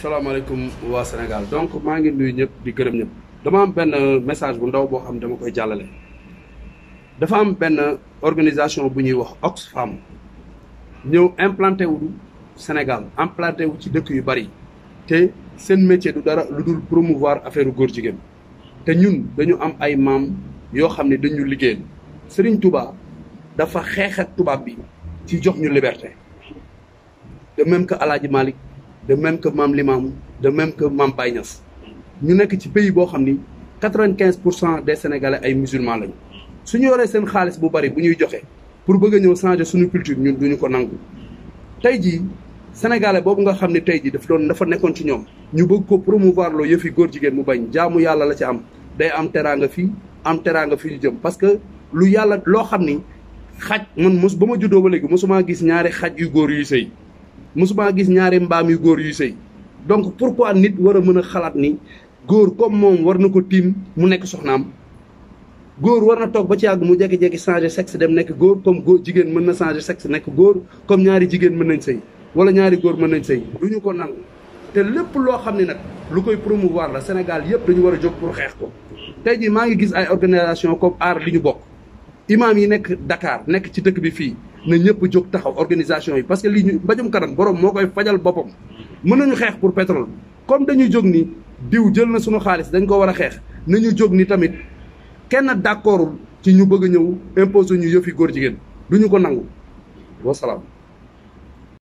salaamaaleykum waa Sénégal donc maa ngi nuyu ñëpp di gërëm ñëpp dama am benn message bu ndaw boo xam dama koy jàllale. dafa am benn organisation bu ñuy wax Oxfam ñëw implanté wu Sénégal implanté wu ci dëkk yu bari te seen métier du dara ludul dul promouvoir affaire góor jigéen te ñun dañu am ay maam yoo xam ne dañu liggéeyal sëriñ Touba dafa xeex tubaab bi ci jox ñu liberté. de même que El Hadj Malick de même que Mame de même que Mame ñu nekk ci pays boo xam ni quatre-vingt-quinze pour cent des sénégalais ay musulmans lañu. su ñu yoree seen xaalis bu bari bu ñuy joxe pour bëgg a ñëw changer suñu culture ñun duñu ko nangu tey jii sénégalais boobu nga xam ne tey jii daf doon dafa nekkoon ci ñoom. ñu bëgg ko promouvoir loo yëfi góor jigéen mu bañ jaamu yàlla la ci am day am teraanga fi am teraanga fii ñu jëm parce que lu yàlla loo xam ni xaj man mos ba ma juddoo ba léegi mosuma gis ñaari xaj yu góor yu sëy musuma gis ñaari mbaam yu góor yuy sëy donc pour pourquoi nit war a mën a xalaat ni góor comme moom war na ko tiim mu nekk soxnaam góor war na toog ba ci àgg mu jékki-jékki changer sexe dem nekk góor comme jigéen mën na changer sexe nekk góor comme ñaari jigéen mën nañ sëy wala ñaari góor mën nañ sëy du ñu ko nangu te lépp loo xam ne nag lu koy promouvoir la Sénégal yëpp dañu war a jóg pour xeex ko tey ji maa ngi gis ay organisation comme aar li ñu bokk imam yi nekk dakaar nekk ci dëkk bi fii na ñëpp jóg taxaw organisation yi parce que lii ñu mbajum kanam borom moo koy fajal boppam. mën nañu xeex pour pétrole comme dañuy jóg ni diw jël na suñu xaalis dañ ko war a xeex nañu jóg ni tamit kenn d'accordul ci ñu bëgg a ñëw imposé ñu yëfi góor jigéen du ñu ko nangu wasalaam.